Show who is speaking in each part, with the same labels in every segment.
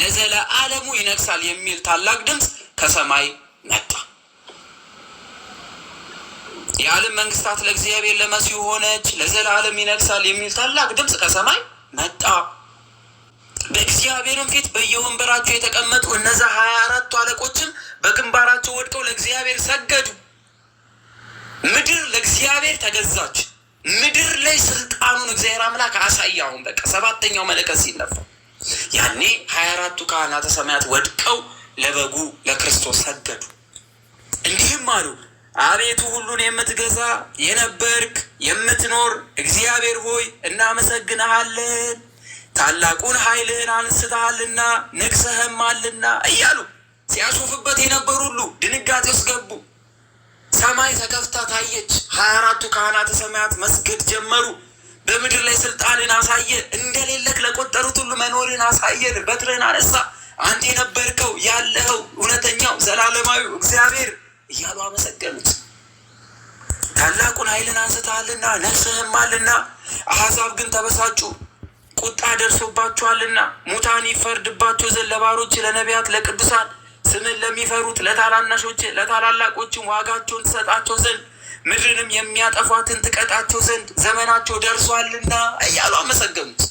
Speaker 1: ለዘለ አለሙ ይነግሳል የሚል ታላቅ ድምፅ ከሰማይ መጣ። የዓለም መንግስታት ለእግዚአብሔር ለመሲሁ ሆነች፣ አለም ይነግሳል የሚል ታላቅ ድምፅ ከሰማይ መጣ። በእግዚአብሔርም ፊት በየወንበራቸው የተቀመጡ እነዛ ሀያ አራቱ አለቆችም በግንባራቸው ወድቀው ለእግዚአብሔር ሰገዱ። ምድር ለእግዚአብሔር ተገዛች። ምድር ላይ ስልጣኑን እግዚአብሔር አምላክ አሳየ። በቃ ሰባተኛው መለከት ሲነፋ ያኔ ሀያ አራቱ ካህናተ ሰማያት ወድቀው ለበጉ ለክርስቶስ ሰገዱ። እንዲህም አሉ፣ አቤቱ ሁሉን የምትገዛ የነበርክ የምትኖር እግዚአብሔር ሆይ እናመሰግንሃለን፣ ታላቁን ኃይልህን አንስተሃልና ንግሰህማልና እያሉ ሲያሾፍበት የነበሩ ሁሉ ድንጋጤ ውስጥ ገቡ። ሰማይ ተከፍታ ታየች። ሀያ አራቱ ካህናተ ሰማያት መስገድ ጀመሩ። በምድር ላይ ስልጣንን አሳየን። እንደሌለክ ለቆጠሩት ሁሉ መኖርን አሳየን። በትርን አነሳ። አንተ የነበርከው ያለኸው እውነተኛው ዘላለማዊ እግዚአብሔር እያሉ አመሰገኑት። ታላቁን ኃይልን አንስተሃልና ነግሰህማልና። አሕዛብ ግን ተበሳጩ፣ ቁጣ ደርሶባቸዋልና። ሙታን ይፈርድባቸው ዘንድ ለባሮች፣ ለነቢያት፣ ለቅዱሳን ስምን ለሚፈሩት ለታላናሾች፣ ለታላላቆችም ዋጋቸውን ትሰጣቸው ዘንድ ምድርንም የሚያጠፏትን ትቀጣቸው ዘንድ ዘመናቸው ደርሷልና እያሉ አመሰገኑት።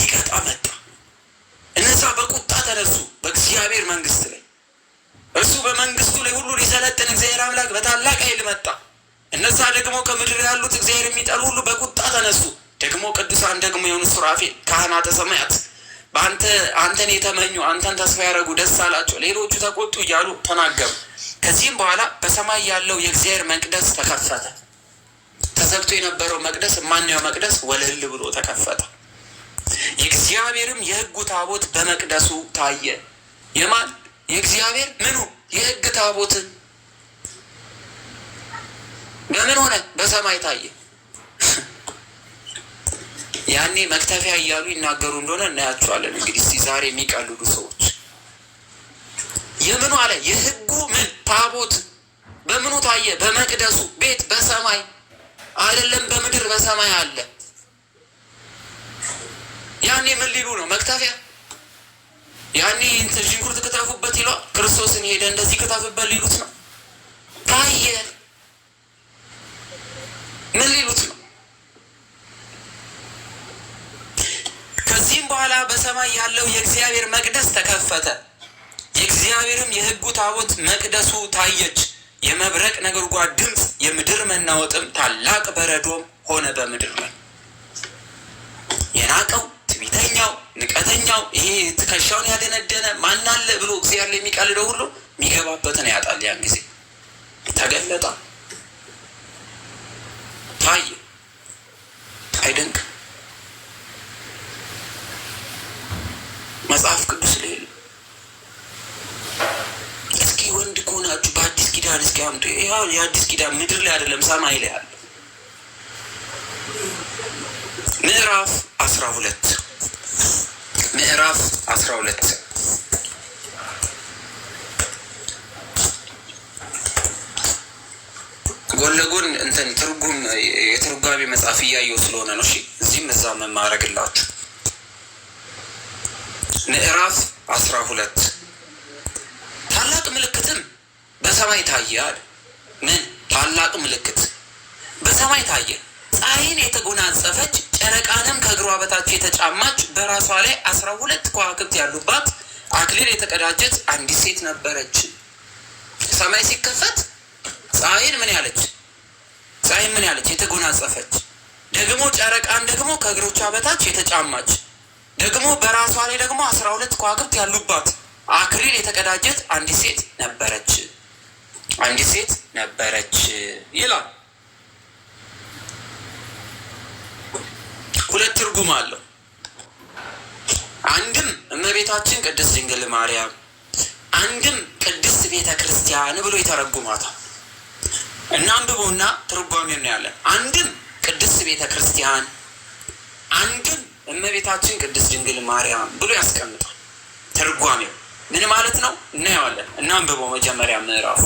Speaker 1: ሊቀጣ መጣ። እነዛ በቁጣ ተነሱ በእግዚአብሔር መንግስት ላይ እሱ በመንግስቱ ላይ ሁሉ ሊሰለጥን እግዚአብሔር አምላክ በታላቅ ኃይል መጣ። እነዛ ደግሞ ከምድር ያሉት እግዚአብሔር የሚጠሉ ሁሉ በቁጣ ተነሱ። ደግሞ ቅዱሳን ደግሞ የሆኑ ሱራፌል ካህናተ ሰማያት በአንተ አንተን የተመኙ አንተን ተስፋ ያደረጉ ደስ አላቸው፣ ሌሎቹ ተቆጡ እያሉ ተናገሩ። ከዚህም በኋላ በሰማይ ያለው የእግዚአብሔር መቅደስ ተከፈተ። ተዘግቶ የነበረው መቅደስ ማንኛው መቅደስ ወለል ብሎ ተከፈተ። የእግዚአብሔርም የሕጉ ታቦት በመቅደሱ ታየ። የማን የእግዚአብሔር ምኑ የሕግ ታቦት በምን ሆነ? በሰማይ ታየ። ያኔ መክተፊያ እያሉ ይናገሩ እንደሆነ እናያቸዋለን። እንግዲህ ዛሬ የሚቀልዱ ሰዎች የምኑ አለ የህጉ ምን ታቦት በምኑ ታየ? በመቅደሱ ቤት በሰማይ አይደለም በምድር በሰማይ አለ። ያኔ ምን ሊሉ ነው? መክተፊያ ያኔ ሽንኩርት ክተፉበት ይሏል። ክርስቶስን ሄደ እንደዚህ ክተፍበት ሊሉት ነው። ታየ ምን ሊሉት ነው? ከዚህም በኋላ በሰማይ ያለው የእግዚአብሔር መቅደስ ተከፈተ። የእግዚአብሔርም የሕጉ ታቦት መቅደሱ ታየች። የመብረቅ ነጎድጓድ ድምፅ፣ የምድር መናወጥም፣ ታላቅ በረዶም ሆነ በምድር ላይ። የናቀው ትቢተኛው፣ ንቀተኛው፣ ይሄ ትከሻውን ያደነደነ ማናለ ብሎ እግዚአብሔር ላይ የሚቀልደው ሁሉ የሚገባበትን ያጣል። ያን ጊዜ ተገለጠ፣ ታየ። አይደንቅ መጽሐፍ ቅዱስ ሌለ እስኪ ወንድ ከሆናችሁ በአዲስ ኪዳን እስኪ አምጡ። ይኸው የአዲስ ኪዳን ምድር ላይ አይደለም ሰማይ ላይ አለ። ምዕራፍ አስራ ሁለት ምዕራፍ አስራ ሁለት ጎን ለጎን እንትን ትርጉም የትርጓሚ መጽሐፍ እያየው ስለሆነ ነው። እሺ እዚህም እዛ መማረግላችሁ ምዕራፍ አስራ ሁለት ታላቅ ምልክትም በሰማይ ታየ አለ። ምን ታላቅ ምልክት በሰማይ ታየ? ፀሐይን የተጎናጸፈች ጨረቃንም ከእግሯ በታች የተጫማች በራሷ ላይ አስራ ሁለት ከዋክብት ያሉባት አክሊል የተቀዳጀች አንዲት ሴት ነበረች። ሰማይ ሲከፈት ፀሐይን ምን ያለች ፀሐይን ምን ያለች የተጎናጸፈች ደግሞ ጨረቃን ደግሞ ከእግሮቿ በታች የተጫማች ደግሞ በራሷ ላይ ደግሞ አስራ ሁለት ከዋክብት ያሉባት አክሊል የተቀዳጀት አንዲት ሴት ነበረች አንዲት ሴት ነበረች ይላል። ሁለት ትርጉም አለው። አንድም እመቤታችን ቅድስት ድንግል ማርያም፣ አንድም ቅድስት ቤተ ክርስቲያን ብሎ ይተረጉማታል እና አንብቡና ትርጓሜው ነው ያለን። አንድም ቅድስት ቤተ ክርስቲያን፣ አንድም እመቤታችን ቅድስት ድንግል ማርያም ብሎ ያስቀምጣል ትርጓሜው ምን ማለት ነው? እናየዋለን። እናንብበው መጀመሪያ ምዕራፉ።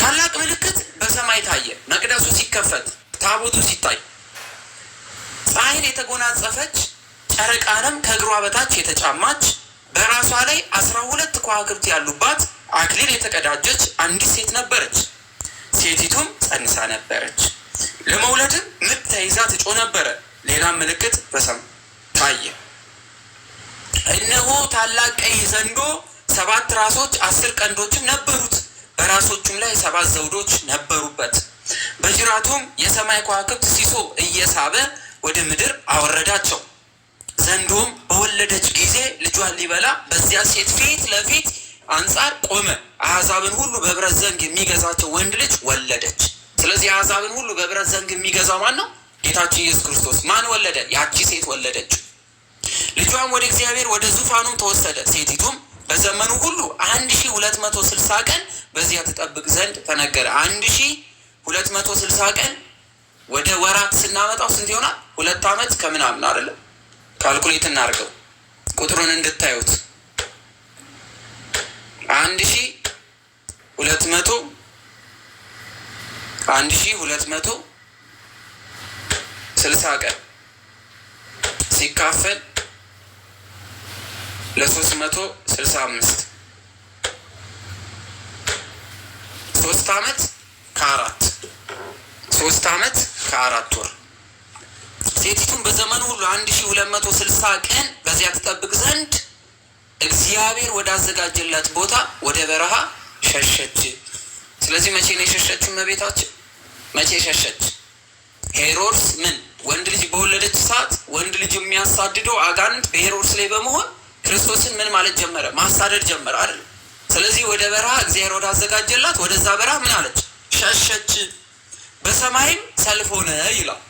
Speaker 1: ታላቅ ምልክት በሰማይ ታየ፣ መቅደሱ ሲከፈት፣ ታቦቱ ሲታይ፣ ፀሐይን የተጎናጸፈች ጨረቃንም ከእግሯ በታች የተጫማች በራሷ ላይ አስራ ሁለት ከዋክብት ያሉባት አክሊል የተቀዳጀች አንዲት ሴት ነበረች። ሴቲቱም ጸንሳ ነበረች፣ ለመውለድም ምጥ ተይዛ ትጮ ነበረ። ሌላም ምልክት በሰማይ ታየ እነሆ ታላቅ ቀይ ዘንዶ ሰባት ራሶች አስር ቀንዶችም ነበሩት። በራሶቹም ላይ ሰባት ዘውዶች ነበሩበት። በጅራቱም የሰማይ ከዋክብት ሲሶ እየሳበ ወደ ምድር አወረዳቸው። ዘንዶም በወለደች ጊዜ ልጇን ሊበላ በዚያ ሴት ፊት ለፊት አንጻር ቆመ። አሕዛብን ሁሉ በብረት ዘንግ የሚገዛቸው ወንድ ልጅ ወለደች። ስለዚህ አሕዛብን ሁሉ በብረት ዘንግ የሚገዛው ማን ነው? ጌታችን ኢየሱስ ክርስቶስ። ማን ወለደ? ያቺ ሴት ወለደች። ልጇም ወደ እግዚአብሔር ወደ ዙፋኑም ተወሰደ። ሴቲቱም በዘመኑ ሁሉ አንድ ሺ ሁለት መቶ ስልሳ ቀን በዚያ ትጠብቅ ዘንድ ተነገረ። አንድ ሺ ሁለት መቶ ስልሳ ቀን ወደ ወራት ስናመጣው ስንት ይሆናል? ሁለት ዓመት ከምናምን አይደለም። ካልኩሌት እናድርገው ቁጥሩን እንድታዩት አንድ ሺ ሁለት መቶ አንድ ሺ ሁለት መቶ ስልሳ ቀን ሲካፈል ለሶስት መቶ ስልሳ አምስት ሶስት አመት ከአራት ሶስት አመት ከአራት ወር ሴቲቱን በዘመኑ ሁሉ አንድ ሺ ሁለት መቶ ስልሳ ቀን በዚያ ትጠብቅ ዘንድ እግዚአብሔር ወዳዘጋጀላት ቦታ ወደ በረሃ ሸሸች። ስለዚህ መቼ ነው የሸሸችው? እመቤታችን መቼ ሸሸች? ሄሮድስ ምን ወንድ ልጅ በወለደች ሰዓት ወንድ ልጅ የሚያሳድደው አጋንንት በሄሮድስ ላይ በመሆን ክርስቶስን ምን ማለት ጀመረ? ማሳደድ ጀመረ አይደል? ስለዚህ ወደ በረሃ እግዚአብሔር ወደ አዘጋጀላት ወደዛ በረሃ ምን አለች? ሸሸች። በሰማይም ሰልፍ ሆነ ይላል።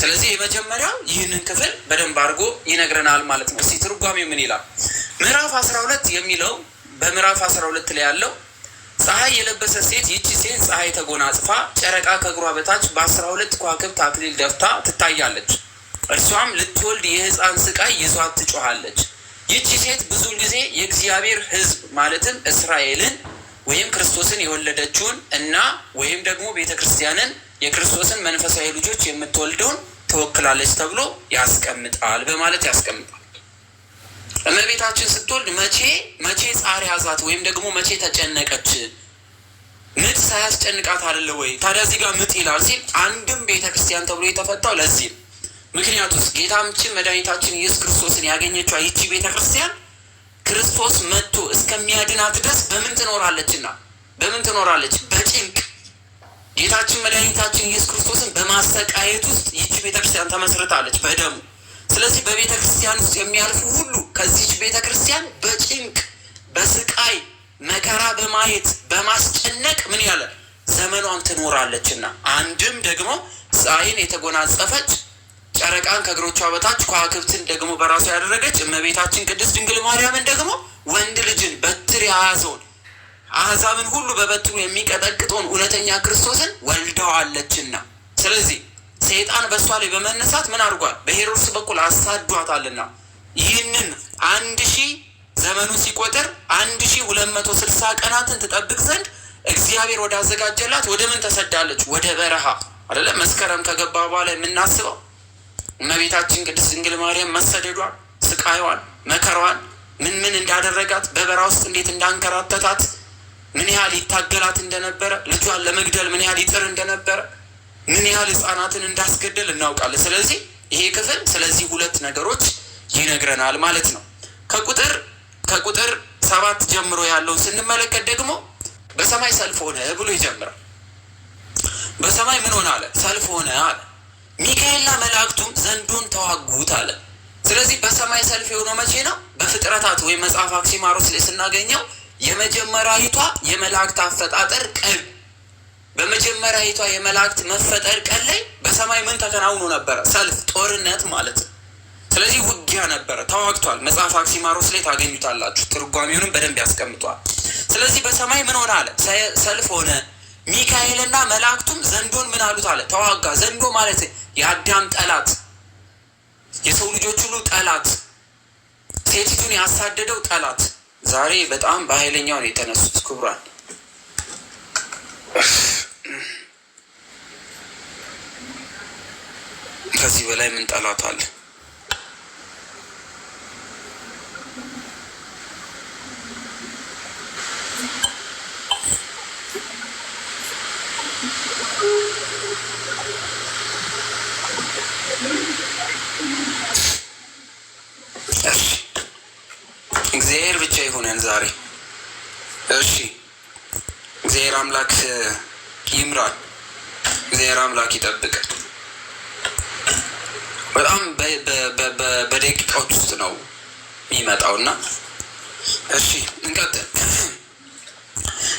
Speaker 1: ስለዚህ የመጀመሪያው ይህንን ክፍል በደንብ አድርጎ ይነግረናል ማለት ነው። እስቲ ትርጓሜ ምን ይላል? ምዕራፍ አስራ ሁለት የሚለው በምዕራፍ አስራ ሁለት ላይ ያለው ፀሐይ የለበሰ ሴት ይቺ ሴት ፀሐይ ተጎናጽፋ ጨረቃ ከእግሯ በታች በአስራ ሁለት ከዋክብት አክሊል ደፍታ ትታያለች። እርሷም ልትወልድ የህፃን ስቃይ ይዟት ትጮኋለች ይቺ ሴት ብዙ ጊዜ የእግዚአብሔር ሕዝብ ማለትም እስራኤልን ወይም ክርስቶስን የወለደችውን እና ወይም ደግሞ ቤተ ክርስቲያንን የክርስቶስን መንፈሳዊ ልጆች የምትወልደውን ትወክላለች ተብሎ ያስቀምጣል በማለት ያስቀምጣል። እመቤታችን ስትወልድ መቼ መቼ ጻሪ ያዛት ወይም ደግሞ መቼ ተጨነቀች? ምጥ ሳያስጨንቃት አለ ወይ? ታዲያ እዚህ ጋር ምጥ ይላል ሲል አንድም ቤተ ክርስቲያን ተብሎ የተፈታው ለዚህ ምክንያቱስ ጌታችን መድኃኒታችን ኢየሱስ ክርስቶስን ያገኘችው ይቺ ቤተ ክርስቲያን ክርስቶስ መጥቶ እስከሚያድናት ድረስ በምን ትኖራለችና በምን ትኖራለች? በጭንቅ ጌታችን መድኃኒታችን ኢየሱስ ክርስቶስን በማሰቃየት ውስጥ ይቺ ቤተ ክርስቲያን ተመስርታለች በደሙ። ስለዚህ በቤተ ክርስቲያን ውስጥ የሚያልፉ ሁሉ ከዚች ቤተ ክርስቲያን በጭንቅ በስቃይ መከራ በማየት በማስጨነቅ ምን ያለ ዘመኗን ትኖራለችና አንድም ደግሞ ፀሐይን የተጎናጸፈች ጨረቃን ከእግሮቿ በታች ከዋክብትን ደግሞ በራሷ ያደረገች እመቤታችን ቅድስት ድንግል ማርያምን ደግሞ ወንድ ልጅን በትር የያዘውን አሕዛብን ሁሉ በበትሩ የሚቀጠቅጠውን እውነተኛ ክርስቶስን ወልደዋለችና። ስለዚህ ሰይጣን በእሷ ላይ በመነሳት ምን አድርጓል? በሄሮድስ በኩል አሳዷታልና ይህንን አንድ ሺህ ዘመኑ ሲቆጥር አንድ ሺህ ሁለት መቶ ስልሳ ቀናትን ትጠብቅ ዘንድ እግዚአብሔር ወዳዘጋጀላት ወደ ምን ተሰዳለች? ወደ በረሃ አይደለም። መስከረም ከገባ በኋላ የምናስበው እመቤታችን ቅድስት ድንግል ማርያም መሰደዷን፣ ስቃይዋን፣ መከራዋን ምን ምን እንዳደረጋት በበራ ውስጥ እንዴት እንዳንከራተታት ምን ያህል ይታገላት እንደነበረ ልጇን ለመግደል ምን ያህል ይጥር እንደነበረ ምን ያህል ህፃናትን እንዳስገደል እናውቃለን። ስለዚህ ይሄ ክፍል ስለዚህ ሁለት ነገሮች ይነግረናል ማለት ነው። ከቁጥር ከቁጥር ሰባት ጀምሮ ያለው ስንመለከት ደግሞ በሰማይ ሰልፍ ሆነ ብሎ ይጀምራል። በሰማይ ምን ሆነ አለ? ሰልፍ ሆነ አለ። ሚካኤልና መላእክቱም ዘንዱን ተዋጉት አለ። ስለዚህ በሰማይ ሰልፍ የሆነው መቼ ነው? በፍጥረታት ወይም መጽሐፍ አክሲማሮስ ላይ ስናገኘው የመጀመሪያዊቷ የመላእክት አፈጣጠር ቀን፣ በመጀመሪያዊቷ የመላእክት መፈጠር ቀን ላይ በሰማይ ምን ተከናውኖ ነበረ? ሰልፍ፣ ጦርነት ማለት ነው። ስለዚህ ውጊያ ነበረ፣ ተዋግቷል። መጽሐፍ አክሲማሮስ ላይ ታገኙታላችሁ። ትርጓሚውንም በደንብ ያስቀምጧል። ስለዚህ በሰማይ ምን ሆነ አለ? ሰልፍ ሆነ ሚካኤልና መላእክቱም ዘንዶን ምን አሉት አለ ተዋጋ። ዘንዶ ማለት የአዳም ጠላት፣ የሰው ልጆች ሁሉ ጠላት፣ ሴቲቱን ያሳደደው ጠላት። ዛሬ በጣም በኃይለኛው ነው የተነሱት ክቡራን። ከዚህ በላይ ምን ጠላት አለ? ይምራል። እግዚአብሔር አምላክ ይጠብቅ። በጣም በደቂቃዎች ውስጥ ነው የሚመጣው እና እሺ እንቀጥል።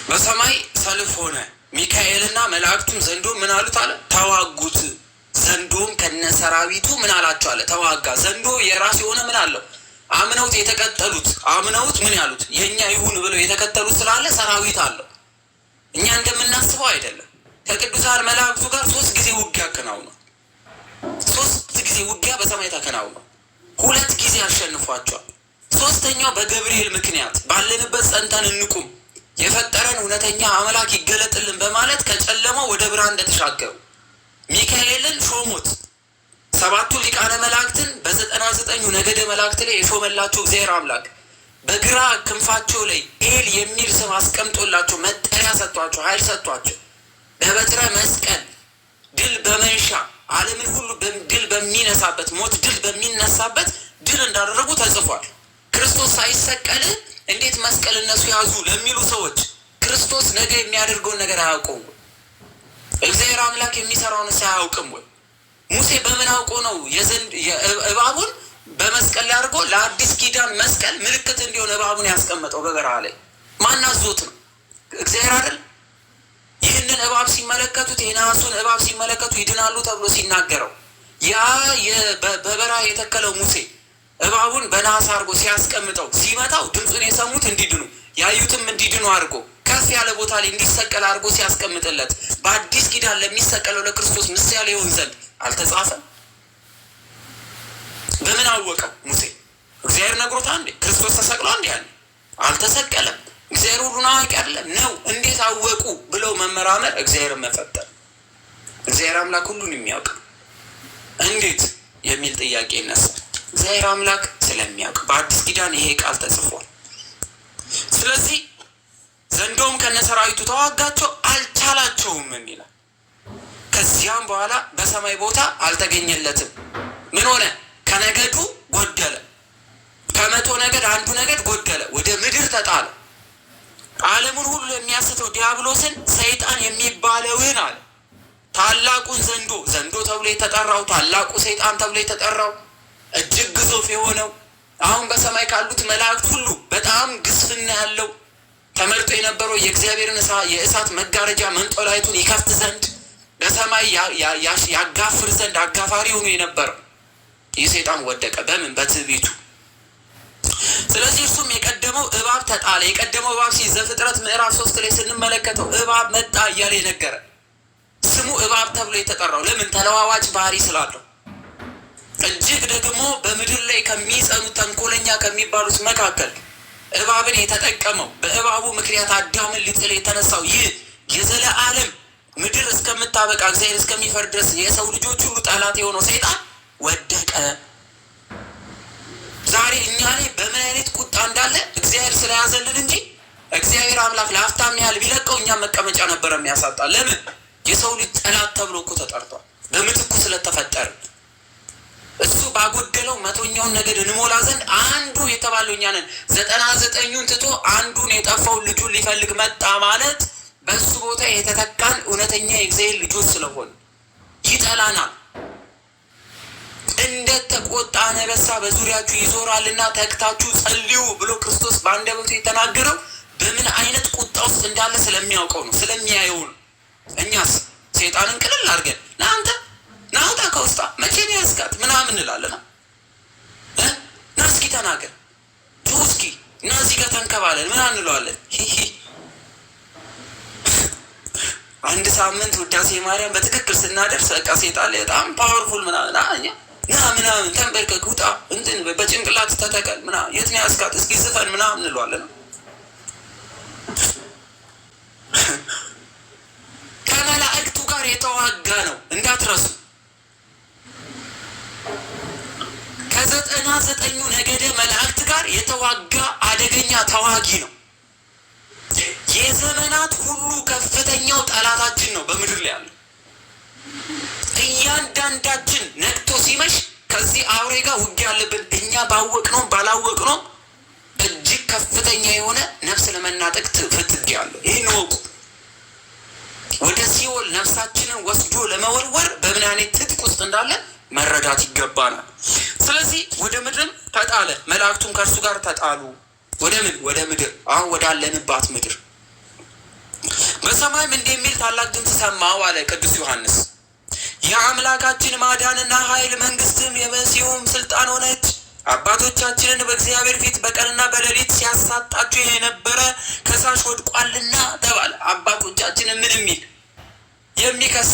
Speaker 1: በሰማይ ሰልፍ ሆነ። ሚካኤልና መላእክቱም ዘንዶ ምን አሉት አለ ተዋጉት። ዘንዶም ከነሰራዊቱ ምን አላቸው አለ ተዋጋ። ዘንዶ የራሱ የሆነ ምን አለው አምነውት የተከተሉት አምነውት ምን ያሉት የእኛ ይሁን ብለው የተከተሉት ስላለ ሰራዊት አለው እኛ እንደምናስበው አይደለም። ከቅዱሳን መላእክቱ ጋር ሶስት ጊዜ ውጊያ አከናውኗል። ሶስት ጊዜ ውጊያ በሰማይ ተከናውኗል። ሁለት ጊዜ አሸንፏቸዋል። ሶስተኛው በገብርኤል ምክንያት ባለንበት ጸንተን እንቁም፣ የፈጠረን እውነተኛ አምላክ ይገለጥልን በማለት ከጨለማ ወደ ብርሃን እንደተሻገሩ ሚካኤልን ሾሙት። ሰባቱ ሊቃነ መላእክትን በዘጠና ዘጠኙ ነገደ መላእክት ላይ የሾመላቸው እግዚአብሔር አምላክ በግራ ክንፋቸው ላይ ኤል የሚል ስም አስቀምጦላቸው መጠሪያ ሰጥቷቸው ኃይል ሰጥቷቸው በበትረ መስቀል ድል በመንሻ ዓለምን ሁሉ ድል በሚነሳበት ሞት ድል በሚነሳበት ድል እንዳደረጉ ተጽፏል። ክርስቶስ ሳይሰቀል እንዴት መስቀል እነሱ ያዙ ለሚሉ ሰዎች ክርስቶስ ነገ የሚያደርገውን ነገር አያውቀው ወይ? እግዚአብሔር አምላክ የሚሰራውን ሳያውቅም ወይ? ሙሴ በምን አውቆ ነው እባቡን በመስቀል ላይ አድርጎ ለአዲስ ኪዳን መስቀል ምልክት እንዲሆን እባቡን ያስቀመጠው በበረሃ ላይ ማናዞት ነው እግዚአብሔር አይደል? ይህንን እባብ ሲመለከቱት የነሐሱን እባብ ሲመለከቱ ይድናሉ ተብሎ ሲናገረው ያ በበረሃ የተከለው ሙሴ እባቡን በነሐስ አድርጎ ሲያስቀምጠው ሲመታው ድምፁን የሰሙት እንዲድኑ ያዩትም እንዲድኑ አድርጎ ከፍ ያለ ቦታ ላይ እንዲሰቀል አድርጎ ሲያስቀምጥለት በአዲስ ኪዳን ለሚሰቀለው ለክርስቶስ ምሳሌ ይሆን ዘንድ አልተጻፈም። ምን አወቀው ሙሴ? እግዚአብሔር ነግሮት አንዴ ክርስቶስ ተሰቅሎ እንዲ ያለ አልተሰቀለም። እግዚአብሔር ሁሉን አዋቂ አይደለም ነው? እንዴት አወቁ ብለው መመራመር እግዚአብሔር መፈጠር እግዚአብሔር አምላክ ሁሉን የሚያውቅ እንዴት የሚል ጥያቄ ይነሳል። እግዚአብሔር አምላክ ስለሚያውቅ በአዲስ ኪዳን ይሄ ቃል ተጽፏል። ስለዚህ ዘንዶም ከነሰራዊቱ ተዋጋቸው አልቻላቸውም የሚላል። ከዚያም በኋላ በሰማይ ቦታ አልተገኘለትም። ምን ሆነ? ከነገዱ ጎደለ። ከመቶ ነገድ አንዱ ነገድ ጎደለ፣ ወደ ምድር ተጣለ። ዓለሙን ሁሉ የሚያስተው ዲያብሎስን ሰይጣን የሚባለውን አለ ታላቁን ዘንዶ ዘንዶ ተብሎ የተጠራው ታላቁ ሰይጣን ተብሎ የተጠራው እጅግ ግዙፍ የሆነው አሁን በሰማይ ካሉት መላእክት ሁሉ በጣም ግዝፍና ያለው ተመርጦ የነበረው የእግዚአብሔርን የእሳት መጋረጃ መንጦላይቱን ይከፍት ዘንድ ለሰማይ ያጋፍር ዘንድ አጋፋሪ ሆኖ የነበረው ይህ ወደቀ። በምን? በትዕቢቱ። ስለዚህ እርሱም የቀደመው እባብ ተጣለ። የቀደመው እባብ ሲ ዘፍጥረት ምዕራፍ ሶስት ላይ ስንመለከተው እባብ መጣ እያለ የነገረ ስሙ እባብ ተብሎ የተጠራው ለምን? ተለዋዋጭ ባህሪ ስላለው እጅግ ደግሞ በምድር ላይ ከሚጸኑት ተንኮለኛ ከሚባሉት መካከል እባብን የተጠቀመው በእባቡ ምክንያት አዳምን ሊጥል የተነሳው ይህ የዘለዓለም ምድር እስከምታበቃ እግዚአብሔር እስከሚፈርድ ድረስ የሰው ልጆች ሁሉ ጠላት የሆነው ሰይጣን ወደቀ። ዛሬ እኛ ላይ በምን አይነት ቁጣ እንዳለ እግዚአብሔር ስለያዘልን እንጂ እግዚአብሔር አምላክ ለሀብታም ያህል ቢለቀው እኛም መቀመጫ ነበረ የሚያሳጣ። ለምን የሰው ልጅ ጠላት ተብሎ እኮ ተጠርቷል። በምትኩ ስለተፈጠር እሱ ባጎደለው መቶኛውን ነገድ እንሞላ ዘንድ አንዱ የተባለው እኛ ነን። ዘጠና ዘጠኙን ትቶ አንዱን የጠፋው ልጁን ሊፈልግ መጣ ማለት በእሱ ቦታ የተተካን እውነተኛ የእግዚአብሔር ልጆች ስለሆን ይጠላናል። የተቆጣ አንበሳ በዙሪያችሁ ይዞራልና ተክታችሁ ጸልዩ ብሎ ክርስቶስ በአንደበቱ የተናገረው በምን አይነት ቁጣ ውስጥ እንዳለ ስለሚያውቀው ነው፣ ስለሚያየው ነው። እኛስ ሰይጣንን ቅልል አድርገን ናንተ ናውጣ ከውስጣ መቼን ያዝጋት ምናምን እንላለን። ና እስኪ ተናገር ቱ እስኪ እና እዚህ ጋር ተንከባለን ምን እንለዋለን። አንድ ሳምንት ውዳሴ ማርያም በትክክል ስናደርስ በቃ ሴጣ በጣም ፓወርፉል ምናምን ና ምናምን ተንበርከክ ውጣ እንትን በጭንቅላት ተተቀል ምና የት ነው ያስካት እስኪ ዝፈን ምናምን እንለዋለን። ከመላእክቱ ጋር የተዋጋ ነው እንዳትረሱ። ከዘጠና ዘጠኙ ነገደ መላእክት ጋር የተዋጋ አደገኛ ተዋጊ ነው። የዘመናት ሁሉ ከፍተኛው ጠላታችን ነው በምድር ላይ ያለው እያንዳንዳችን ነቅቶ ሲመሽ ከዚህ አውሬ ጋር ውጊያ አለብን። እኛ ባወቅ ነው ባላወቅ ነው እጅግ ከፍተኛ የሆነ ነፍስ ለመናጠቅ ትፍትግ ያለው ይህን ወቁ። ወደ ሲኦል ነፍሳችንን ወስዶ ለመወርወር በምን ትጥቅ ውስጥ እንዳለ መረዳት ይገባናል። ስለዚህ ወደ ምድርም ተጣለ፣ መላእክቱም ከእርሱ ጋር ተጣሉ። ወደ ምን? ወደ ምድር፣ አሁን ወዳለንባት ምድር። በሰማይም እንዲህ የሚል ታላቅ ድምፅ ሰማሁ አለ ቅዱስ ዮሐንስ የአምላካችን ማዳንና ኃይል መንግስትም የመሲሁም ስልጣን ሆነች። አባቶቻችንን በእግዚአብሔር ፊት በቀንና በሌሊት ሲያሳጣችሁ የነበረ ከሳሽ ወድቋልና ተባለ። አባቶቻችንን ምን የሚል የሚከስ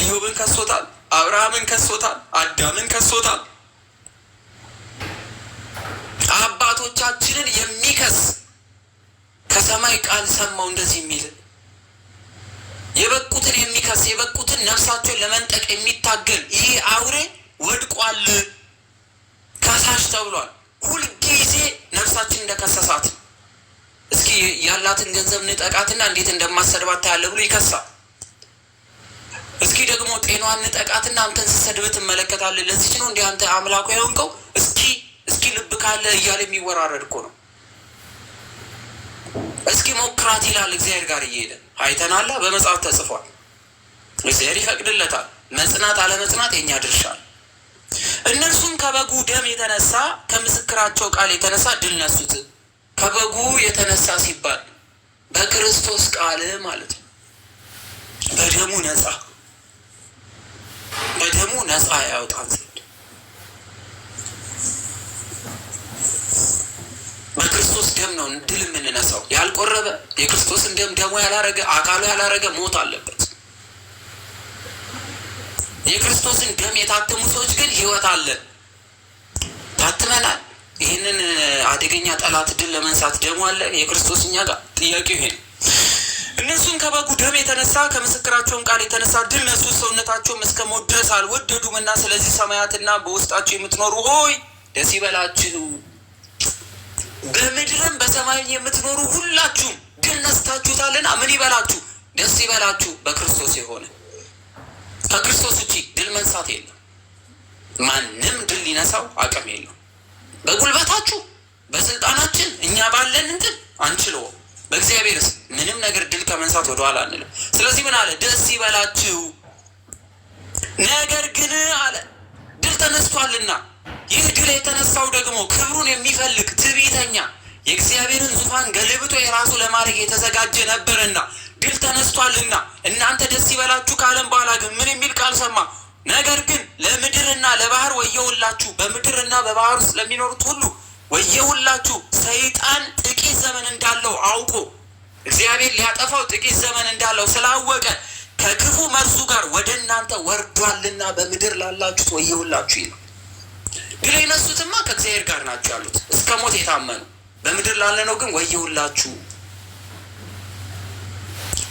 Speaker 1: ኢዮብን ከሶታል፣ አብርሃምን ከሶታል፣ አዳምን ከሶታል። አባቶቻችንን የሚከስ ከሰማይ ቃል ሰማው እንደዚህ የሚል የበቁትን ነፍሳቸውን ለመንጠቅ የሚታገል ይህ አውሬ ወድቋል፣ ከሳሽ ተብሏል። ሁልጊዜ ነፍሳችን እንደከሰሳት እስኪ ያላትን ገንዘብ ንጠቃትና እንዴት እንደማሰድባት ታያለ ብሎ ይከሳል። እስኪ ደግሞ ጤናዋን ንጠቃትና አንተን ስሰድብህ ትመለከታለህ። ለዚች ነው እንዲህ አንተ አምላኩ የሆንከው እስኪ እስኪ ልብ ካለ እያለ የሚወራረድ እኮ ነው። እስኪ ሞክራት ይላል እግዚአብሔር ጋር እየሄደ አይተናላ በመጽሐፍ ተጽፏል። እግዚአብሔር ይፈቅድለታል። መጽናት አለመጽናት የኛ ድርሻ ነው። እነርሱም ከበጉ ደም የተነሳ ከምስክራቸው ቃል የተነሳ ድል ነሱት። ከበጉ የተነሳ ሲባል በክርስቶስ ቃል ማለት ነው። በደሙ ነጻ በደሙ ነጻ ያወጣን ዘንድ በክርስቶስ ደም ነው ድል የምንነሳው። ያልቆረበ የክርስቶስን ደም ደሞ ያላረገ አካሉ ያላረገ ሞት አለበት። የክርስቶስን ደም የታተሙ ሰዎች ግን ህይወት አለን። ታትመናል። ይህንን አደገኛ ጠላት ድል ለመንሳት ደሞ አለ የክርስቶስ እኛ ጋር ጥያቄው ይሄ እነሱን ከበጉ ደም የተነሳ ከምስክራቸውም ቃል የተነሳ ድል ነሱ፣ ሰውነታቸውም እስከ ሞት ድረስ እና ስለዚህ ሰማያትና በውስጣቸው የምትኖሩ ሆይ ደስ ይበላችሁ፣ በምድርም በሰማይ የምትኖሩ ሁላችሁም ድል ነስታችሁታልና ምን ይበላችሁ? ደስ ይበላችሁ በክርስቶስ የሆነ ከክርስቶስ እጅ ድል መንሳት የለም። ማንም ድል ሊነሳው አቅም የለም። በጉልበታችሁ በስልጣናችን እኛ ባለን እንትን አንችልዎ። በእግዚአብሔርስ ምንም ነገር ድል ከመንሳት ወደኋላ አንልም። ስለዚህ ምን አለ? ደስ ይበላችሁ። ነገር ግን አለ ድል ተነስቷልና፣ ይህ ድል የተነሳው ደግሞ ክብሩን የሚፈልግ ትዕቢተኛ የእግዚአብሔርን ዙፋን ገለብጦ የራሱ ለማድረግ የተዘጋጀ ነበርና ድል ተነስቷልና እናንተ ደስ ይበላችሁ ካለም በኋላ ግን ምን የሚል ቃል ሰማ? ነገር ግን ለምድርና ለባህር ወየውላችሁ፣ በምድርና በባህር ውስጥ ለሚኖሩት ሁሉ ወየውላችሁ። ሰይጣን ጥቂት ዘመን እንዳለው አውቆ እግዚአብሔር ሊያጠፋው ጥቂት ዘመን እንዳለው ስላወቀ ከክፉ መርዙ ጋር ወደ እናንተ ወርዷልና በምድር ላላችሁት ወየውላችሁ ይላል። ግን የነሱትማ ከእግዚአብሔር ጋር ናቸው ያሉት እስከ ሞት የታመኑ በምድር ላለነው ግን ወየውላችሁ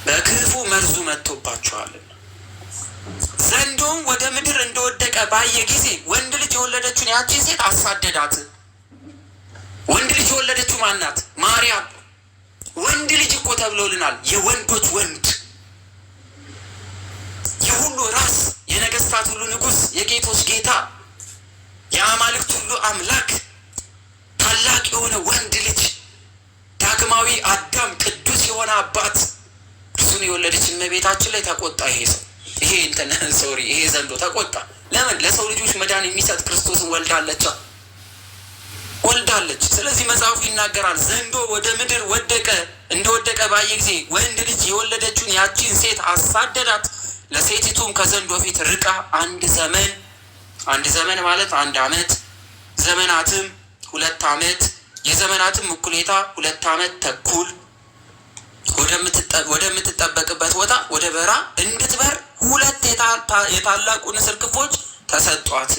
Speaker 1: በክፉ መርዙ መጥቶባችኋልና። ዘንዶም ወደ ምድር እንደወደቀ ባየ ጊዜ ወንድ ልጅ የወለደችውን ያቺ ሴት አሳደዳት። ወንድ ልጅ የወለደችው ማናት? ማርያም። ወንድ ልጅ እኮ ተብሎልናል። የወንዶች ወንድ፣ የሁሉ ራስ፣ የነገስታት ሁሉ ንጉስ የጌቶች ጌታ፣ የአማልክት ሁሉ አምላክ ታላቅ የሆነ ወንድ ልጅ ዳግማዊ አዳም ቅዱስ የሆነ አባት እሱን የወለደች እመቤታችን ላይ ተቆጣ። ይሄ ሰው ይሄ እንትን ሶሪ ይሄ ዘንዶ ተቆጣ። ለምን ለሰው ልጆች መዳን የሚሰጥ ክርስቶስን ወልዳለች ወልዳለች። ስለዚህ መጽሐፉ ይናገራል፣ ዘንዶ ወደ ምድር ወደቀ። እንደወደቀ ባየ ጊዜ ወንድ ልጅ የወለደችውን ያቺን ሴት አሳደዳት። ለሴቲቱም ከዘንዶ ፊት ርቃ አንድ ዘመን አንድ ዘመን ማለት አንድ ዓመት ዘመናትም ሁለት ዓመት የዘመናትም እኩሌታ ሁለት ዓመት ተኩል ወደምትጠበቅበት ቦታ ወደ በራ እንድትበር ሁለት የታላቁ ንስር ክንፎች ተሰጧት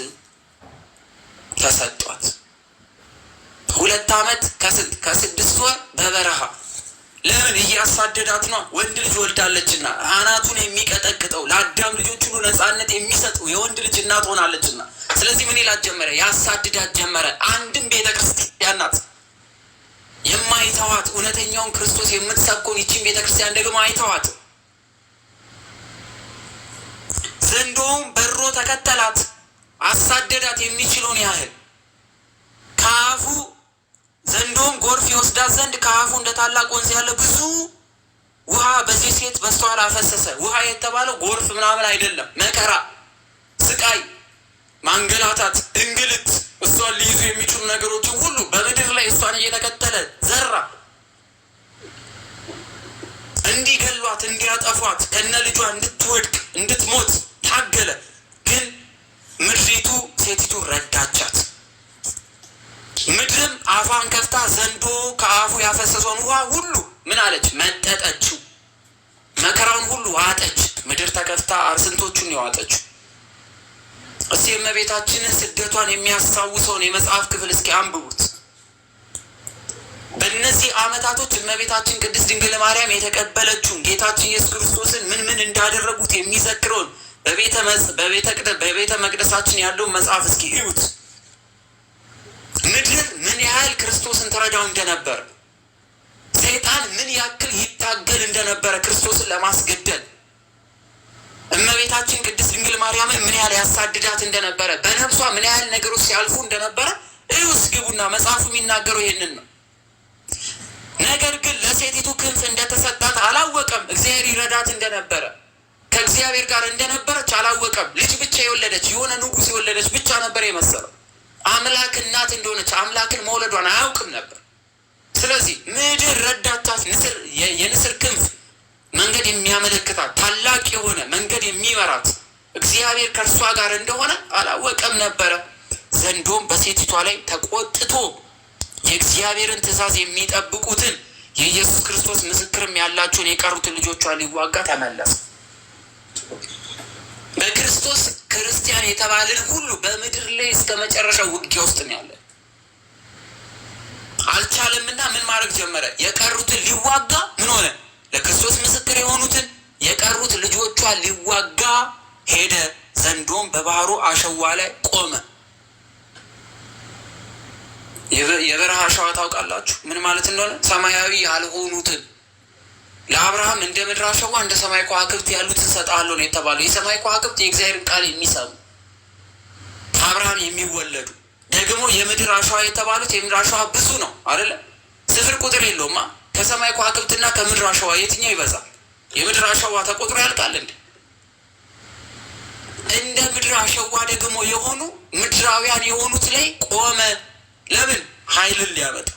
Speaker 1: ተሰጧት። ሁለት ዓመት ከስንት ከስድስት ወር በበረሃ ለምን እያሳደዳት ነው? ወንድ ልጅ ወልዳለችና አናቱን የሚቀጠቅጠው ለአዳም ልጆች ሁሉ ነፃነት የሚሰጠው የወንድ ልጅ እናት ሆናለችና ስለዚህ ምን ይላት ጀመረ? ያሳድዳት ጀመረ። አንድም ቤተ ክርስቲያን ናት የማይተዋት እውነተኛውን ክርስቶስ የምትሰብከውን ይችን ቤተ ክርስቲያን ደግሞ አይተዋት። ዘንዶውም በሮ ተከተላት፣ አሳደዳት የሚችለውን ያህል ከአፉ ዘንዶም ጎርፍ ይወስዳት ዘንድ ከአፉ እንደ ታላቅ ወንዝ ያለ ብዙ ውሃ በዚህ ሴት በስተኋላ አፈሰሰ። ውሃ የተባለው ጎርፍ ምናምን አይደለም፣ መከራ ስቃይ ማንገላታት፣ እንግልት፣ እሷን ሊይዙ የሚችሉ ነገሮችን ሁሉ በምድር ላይ እሷን እየተከተለ ዘራ። እንዲገሏት፣ እንዲያጠፏት፣ ከነ ልጇ እንድትወድቅ እንድትሞት ታገለ። ግን ምድሪቱ ሴቲቱ ረዳቻት። ምድርም አፏን ከፍታ ዘንዶ ከአፉ ያፈሰሰውን ውሃ ሁሉ ምን አለች? መጠጠችው። መከራውን ሁሉ ዋጠች። ምድር ተከፍታ አርስንቶቹን የዋጠችው እስቲ እመቤታችንን ስደቷን የሚያስታውሰውን የመጽሐፍ ክፍል እስኪ አንብቡት። በእነዚህ ዓመታቶች እመቤታችን ቅድስት ድንግል ማርያም የተቀበለችውን ጌታችን ኢየሱስ ክርስቶስን ምን ምን እንዳደረጉት የሚዘክረውን በቤተ መቅደሳችን ያለውን መጽሐፍ እስኪ እዩት። ምድር ምን ያህል ክርስቶስን ተረዳው እንደነበር፣ ሰይጣን ምን ያክል ይታገል እንደነበረ ክርስቶስን ለማስገደል እመቤታችን ቅድስት ድንግል ማርያምን ምን ያህል ያሳድዳት እንደነበረ በነብሷ ምን ያህል ነገሮች ሲያልፉ እንደነበረ እዩስ ግቡና መጽሐፉ የሚናገረው ይህንን ነው። ነገር ግን ለሴቲቱ ክንፍ እንደተሰጣት አላወቀም። እግዚአብሔር ይረዳት እንደነበረ ከእግዚአብሔር ጋር እንደነበረች አላወቀም። ልጅ ብቻ የወለደች የሆነ ንጉሥ የወለደች ብቻ ነበር የመሰለው። አምላክ እናት እንደሆነች አምላክን መውለዷን አያውቅም ነበር። ስለዚህ ምድር ረዳታት፣ ንስር የንስር ክንፍ መንገድ የሚያመለክታት ታላቅ የሆነ መንገድ የሚመራት እግዚአብሔር ከእርሷ ጋር እንደሆነ አላወቀም ነበረ። ዘንዶም በሴቲቷ ላይ ተቆጥቶ የእግዚአብሔርን ትእዛዝ የሚጠብቁትን የኢየሱስ ክርስቶስ ምስክርም ያላቸውን የቀሩትን ልጆቿ ሊዋጋ ተመለሰ። በክርስቶስ ክርስቲያን የተባልን ሁሉ በምድር ላይ እስከ መጨረሻ ውጊያ ውስጥ ነው ያለን። አልቻለምና ምን ማድረግ ጀመረ? የቀሩትን ሊዋጋ ምን ሆነ? ለክርስቶስ ምስክር የሆኑትን የቀሩት ልጆቿ ሊዋጋ ሄደ። ዘንዶም በባህሩ አሸዋ ላይ ቆመ። የበረሃ አሸዋ ታውቃላችሁ ምን ማለት እንደሆነ? ሰማያዊ ያልሆኑትን ለአብርሃም እንደ ምድር አሸዋ እንደ ሰማይ ከዋክብት ያሉትን እሰጥሃለሁ ነው የተባለው። የሰማይ ከዋክብት የእግዚአብሔርን ቃል የሚሰሙ ከአብርሃም የሚወለዱ ደግሞ የምድር አሸዋ የተባሉት የምድር አሸዋ ብዙ ነው አይደለ? ስፍር ቁጥር የለውማ ከሰማይ ከዋክብትና ከምድር አሸዋ የትኛው ይበዛል? የምድር አሸዋ ተቆጥሮ ያልቃል እንዴ? እንደ ምድር አሸዋ ደግሞ የሆኑ ምድራውያን የሆኑት ላይ ቆመ። ለምን? ኃይልን ሊያመጣ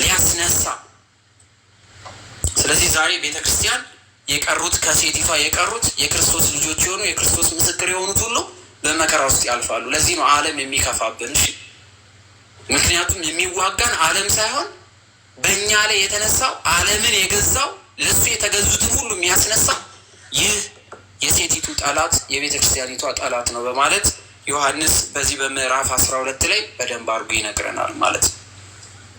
Speaker 1: ሊያስነሳ። ስለዚህ ዛሬ ቤተ ክርስቲያን የቀሩት ከሴቲቷ የቀሩት የክርስቶስ ልጆች የሆኑ የክርስቶስ ምስክር የሆኑት ሁሉ በመከራ ውስጥ ያልፋሉ። ለዚህ ነው ዓለም የሚከፋብን። እሺ፣ ምክንያቱም የሚዋጋን ዓለም ሳይሆን በእኛ ላይ የተነሳው ዓለምን የገዛው ለሱ የተገዙትን ሁሉ የሚያስነሳ ይህ የሴቲቱ ጠላት የቤተ ክርስቲያኒቷ ጠላት ነው በማለት ዮሐንስ በዚህ በምዕራፍ አስራ ሁለት ላይ በደንብ አድርጎ ይነግረናል ማለት ነው።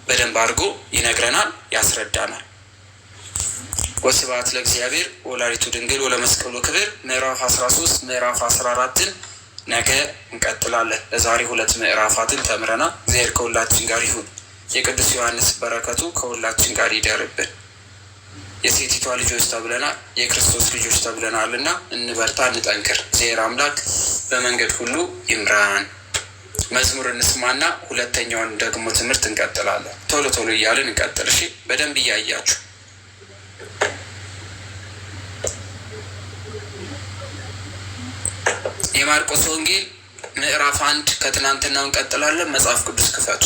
Speaker 1: በደንብ አድርጎ ይነግረናል፣ ያስረዳናል። ወስብሐት ለእግዚአብሔር ወላዲቱ ድንግል ወለመስቀሉ ክብር። ምዕራፍ አስራ ሶስት ምዕራፍ አስራ አራትን ነገ እንቀጥላለን። ለዛሬ ሁለት ምዕራፋትን ተምረናል። እግዚአብሔር ከሁላችን ጋር ይሁን። የቅዱስ ዮሐንስ በረከቱ ከሁላችን ጋር ይደርብን። የሴቲቷ ልጆች ተብለናል፣ የክርስቶስ ልጆች ተብለናል እና እንበርታ፣ እንጠንክር። እግዚአብሔር አምላክ በመንገድ ሁሉ ይምራን። መዝሙር እንስማና ሁለተኛውን ደግሞ ትምህርት እንቀጥላለን። ቶሎ ቶሎ እያልን እንቀጥል። እሺ፣ በደንብ እያያችሁ የማርቆስ ወንጌል ምዕራፍ አንድ ከትናንትናው እንቀጥላለን። መጽሐፍ ቅዱስ ክፈቱ።